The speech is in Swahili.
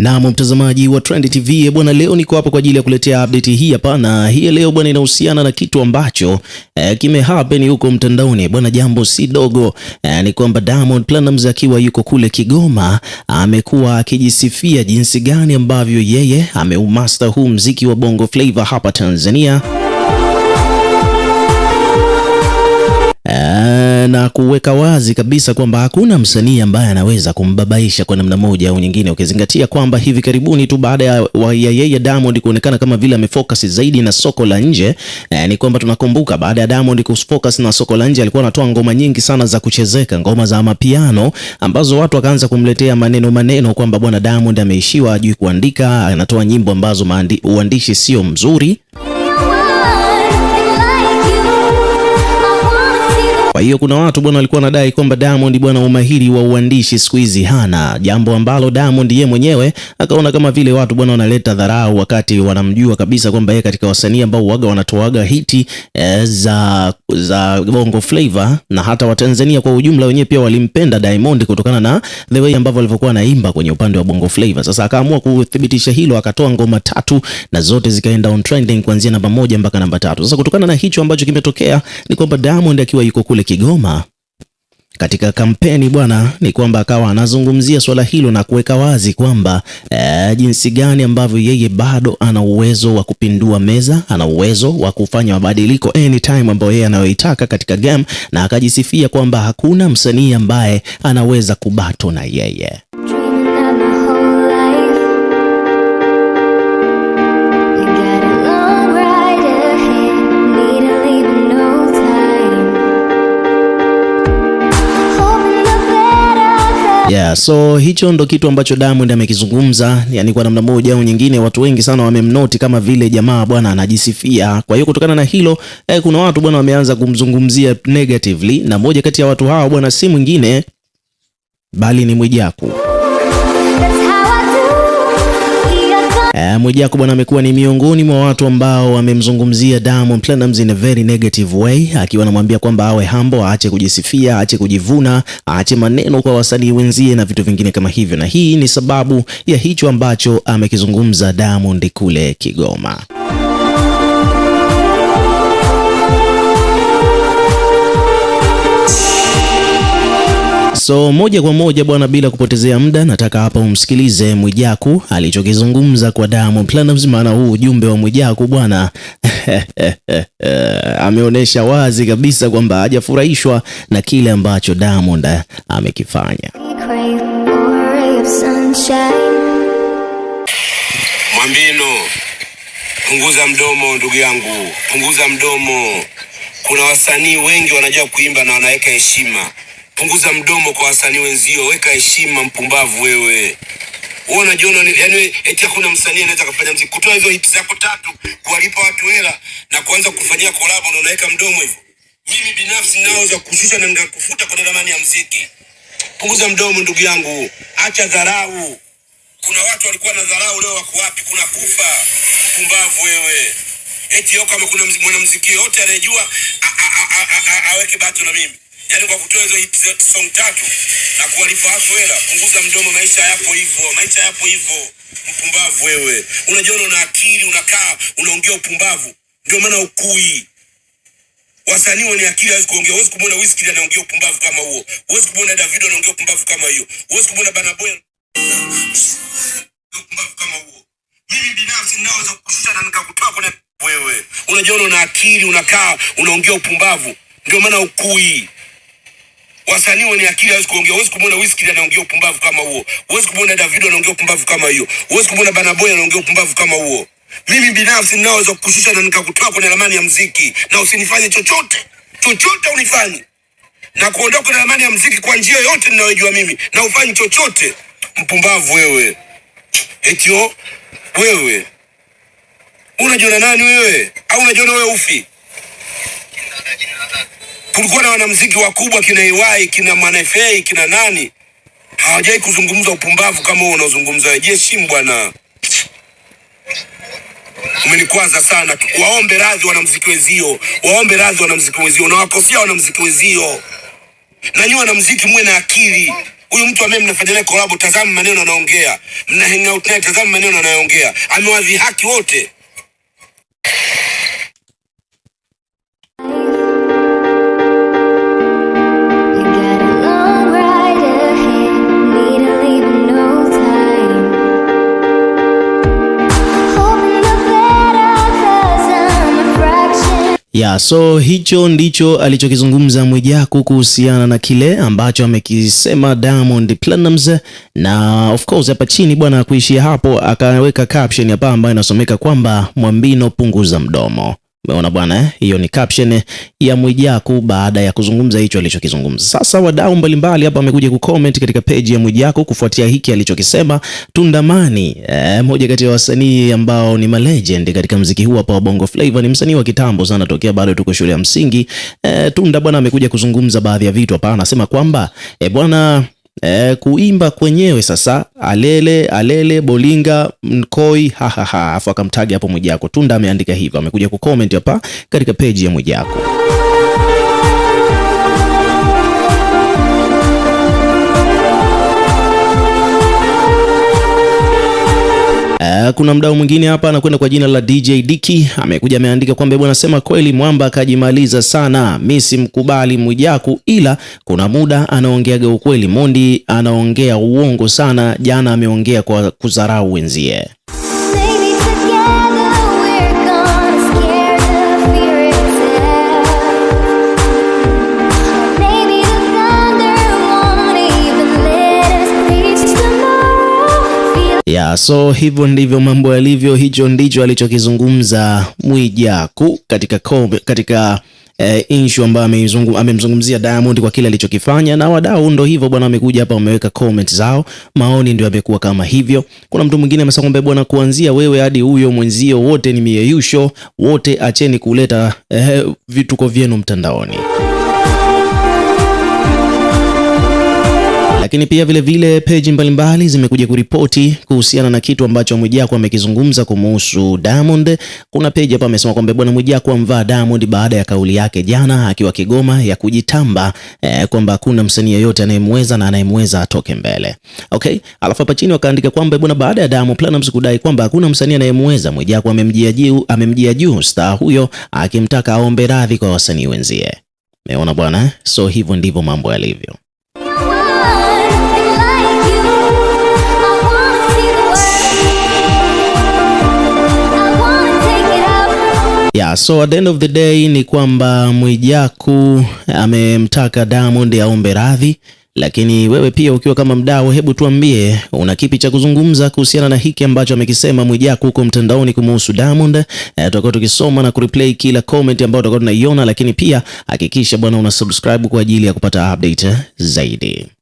Naam, mtazamaji wa Trend TV eh, bwana, leo niko hapa kwa ajili ya kuletea update hii hapa, na hii leo bwana inahusiana na kitu ambacho eh, kimehappen huko mtandaoni bwana. Jambo si dogo eh, ni kwamba Diamond Platnumz akiwa yuko kule Kigoma amekuwa akijisifia jinsi gani ambavyo yeye ameumaster huu mziki wa Bongo Flava hapa Tanzania. Eh, na kuweka wazi kabisa kwamba hakuna msanii ambaye anaweza kumbabaisha kwa namna moja au nyingine, ukizingatia kwamba hivi karibuni tu baada ya yeye Diamond kuonekana kama vile amefocus zaidi na soko la nje eh, ni kwamba tunakumbuka baada ya Diamond kufocus na soko la nje alikuwa anatoa ngoma nyingi sana za kuchezeka, ngoma za mapiano ambazo watu wakaanza kumletea maneno maneno kwamba bwana Diamond ameishiwa, ajui kuandika, anatoa nyimbo ambazo uandishi sio mzuri. Kwa hiyo kuna watu bwana walikuwa wanadai kwamba Diamond bwana umahiri wa uandishi siku hizi hana, jambo ambalo Diamond yeye mwenyewe akaona kama vile watu bwana wanaleta dharau, wakati wanamjua kabisa kwamba yeye katika wasanii ambao waga wanatoaga hiti e, za, za Bongo Flava na hata Watanzania kwa ujumla wenyewe pia walimpenda Diamond kutokana na the way ambavyo alivyokuwa anaimba kwenye upande wa Bongo Flava. Sasa akaamua kuthibitisha hilo, akatoa ngoma tatu na zote zikaenda on trending kuanzia namba moja mpaka namba tatu. Sasa kutokana na hicho ambacho kimetokea ni kwamba Diamond akiwa yuko kule Kigoma katika kampeni bwana, ni kwamba akawa anazungumzia swala hilo na kuweka wazi kwamba e, jinsi gani ambavyo yeye bado ana uwezo wa kupindua meza, ana uwezo wa kufanya mabadiliko anytime ambayo yeye anayoitaka katika game, na akajisifia kwamba hakuna msanii ambaye anaweza kubato na yeye. Yeah, so hicho ndo kitu ambacho Diamond amekizungumza, yani kwa namna moja au nyingine watu wengi sana wamemnoti kama vile jamaa bwana anajisifia. Kwa hiyo kutokana na hilo eh, kuna watu bwana wameanza kumzungumzia negatively, na moja kati ya watu hao bwana si mwingine bali ni Mwijaku. Mwijaku bwana amekuwa ni miongoni mwa watu ambao wamemzungumzia Diamond Platnumz in a very negative way, akiwa anamwambia kwamba awe humble, aache kujisifia, aache kujivuna, aache maneno kwa wasanii wenzie na vitu vingine kama hivyo, na hii ni sababu ya hicho ambacho amekizungumza Diamond kule Kigoma. So moja kwa moja bwana, bila kupotezea muda, nataka hapa umsikilize Mwijaku alichokizungumza kwa Diamond Platnumz, maana huu ujumbe wa Mwijaku bwana ameonyesha wazi kabisa kwamba hajafurahishwa na kile ambacho Diamond amekifanya. Mwambino, punguza mdomo ndugu yangu, punguza mdomo. Kuna wasanii wengi wanajua kuimba na wanaweka heshima Punguza mdomo kwa wasanii wenzio, weka heshima. Mpumbavu wewe, wewe unajiona yani, eti hakuna msanii anaweza kufanya mziki, kutoa hizo hit zako tatu, kuwalipa watu hela na kuanza kufanyia collab, na unaweka mdomo hivyo. Mimi binafsi naweza kushusha na ngakufuta kwenye ramani ya mziki. Punguza mdomo ndugu yangu, acha dharau. Kuna watu walikuwa na dharau, leo wako wapi? Kuna kufa. Mpumbavu wewe. Eti yo kama kuna mwanamuziki yote anayejua aweke bato na mimi yani kwa kutoa hizo hit song tatu na kuwalipa watu hela, punguza mdomo, maisha yapo hivyo, maisha yapo hivyo. Mpumbavu wewe. Unajiona una akili, unakaa unaongea upumbavu. Ndio maana ukui. Wasanii wenye akili hawezi kuongea. Huwezi kumwona Wizkid anaongea upumbavu kama huo. Huwezi kumwona Davido anaongea upumbavu kama hiyo. Huwezi kumwona Burna Boy upumbavu kama huo. Mimi binafsi ninaweza kukushusha na nikakutoa kwenye wewe. Unajiona una akili, unakaa unaongea upumbavu. Ndio maana ukui. Wasanii wenye akili hawezi kuongea. Huwezi kumwona Wizkid anaongea upumbavu kama huo. Huwezi kumwona Davido anaongea upumbavu kama hiyo. Huwezi kumwona Banaboy anaongea upumbavu kama huo. Mimi binafsi ninaweza kukushusha na nikakutoa kwenye ramani ya mziki na usinifanye chochote. Chochote unifanye. Na kuondoka kwenye ramani ya mziki kwa njia yote ninayojua mimi na ufanye chochote. Mpumbavu wewe. Etio wewe. Unajiona nani wewe? Au unajiona wewe ufi? kulikuwa na wanamuziki wakubwa kina Iwai kina Manefei kina nani, hawajai kuzungumza upumbavu kama huo unaozungumza Jeshim. Bwana, umenikwaza sana. Waombe radhi wanamuziki wenzio, waombe radhi wanamziki wenzio, unawakosea wanamuziki wenzio. Na nyinyi wanamziki, mwe na akili. Huyu mtu ambaye mnafanya naye collab, tazama maneno anaongea, mna hang out naye, tazama maneno anayoongea, amewadhihaki wote. Ya, so hicho ndicho alichokizungumza Mwijaku kuhusiana na kile ambacho amekisema Diamond Platnumz, na of course hapa chini bwana, kuishia hapo akaweka caption hapa ambayo inasomeka kwamba Mwambino punguza mdomo. Umeona bwana, eh? hiyo ni caption ya Mwijaku baada ya kuzungumza hicho alichokizungumza. Sasa wadau mbalimbali hapa wamekuja kucomment katika page ya Mwijaku kufuatia hiki alichokisema Tundamani, eh, moja kati ya wasanii ambao ni malegend katika mziki huu hapa wa Bongo Flava, ni msanii wa kitambo sana tokea bado tuko shule ya msingi. Eh, Tunda bwana amekuja kuzungumza baadhi ya vitu hapa, anasema kwamba eh, bwana E, kuimba kwenyewe sasa, alele alele bolinga mkoi hahaha, afu akamtaga hapo Mwijako. Tunda ameandika hivyo, amekuja kucomment hapa katika peji ya Mwijako. kuna mdau mwingine hapa anakwenda kwa jina la DJ Diki, amekuja ameandika kwamba bwana, sema kweli Mwamba akajimaliza sana, mi simkubali Mwijaku, ila kuna muda anaongeaga ukweli. Mondi anaongea uongo sana, jana ameongea kwa kudharau wenzie. Yeah, so hivyo ndivyo mambo yalivyo. Hicho ndicho alichokizungumza Mwijaku katika kombe, katika eh, issue ambayo amemzungumzia Diamond kwa kile alichokifanya, na wadau ndo hivyo bwana, wamekuja hapa wameweka comment zao, maoni ndio yamekuwa kama hivyo. Kuna mtu mwingine amesema kwamba bwana, kuanzia wewe hadi huyo mwenzio wote ni mieyusho, wote acheni kuleta eh, vituko vyenu mtandaoni. Lakini pia vile vile peji mbalimbali zimekuja kuripoti kuhusiana na kitu ambacho Mwijaku amekizungumza kumuhusu Diamond. Kuna peji hapa amesema kwamba bwana Mwijaku amvaa Diamond baada ya kauli yake jana akiwa Kigoma ya kujitamba eh, kwamba hakuna msanii yeyote anayemweza na anayemweza atoke mbele. Okay? Alafu hapa chini wakaandika kwamba bwana baada ya Diamond Platnumz kudai kwamba hakuna msanii anayemweza Mwijaku amemjia juu amemjia juu staa huyo akimtaka aombe radhi kwa wasanii wenzie. Meona bwana? So hivyo ndivyo mambo yalivyo. so at the end of the day ni kwamba Mwijaku amemtaka Diamond aombe radhi, lakini wewe pia ukiwa kama mdau, hebu tuambie una kipi cha kuzungumza kuhusiana na hiki ambacho amekisema Mwijaku huko mtandaoni kumuhusu Diamond. E, tutakuwa tukisoma na kureplay kila comment ambayo tutakuwa tunaiona, lakini pia hakikisha bwana una subscribe kwa ajili ya kupata update zaidi.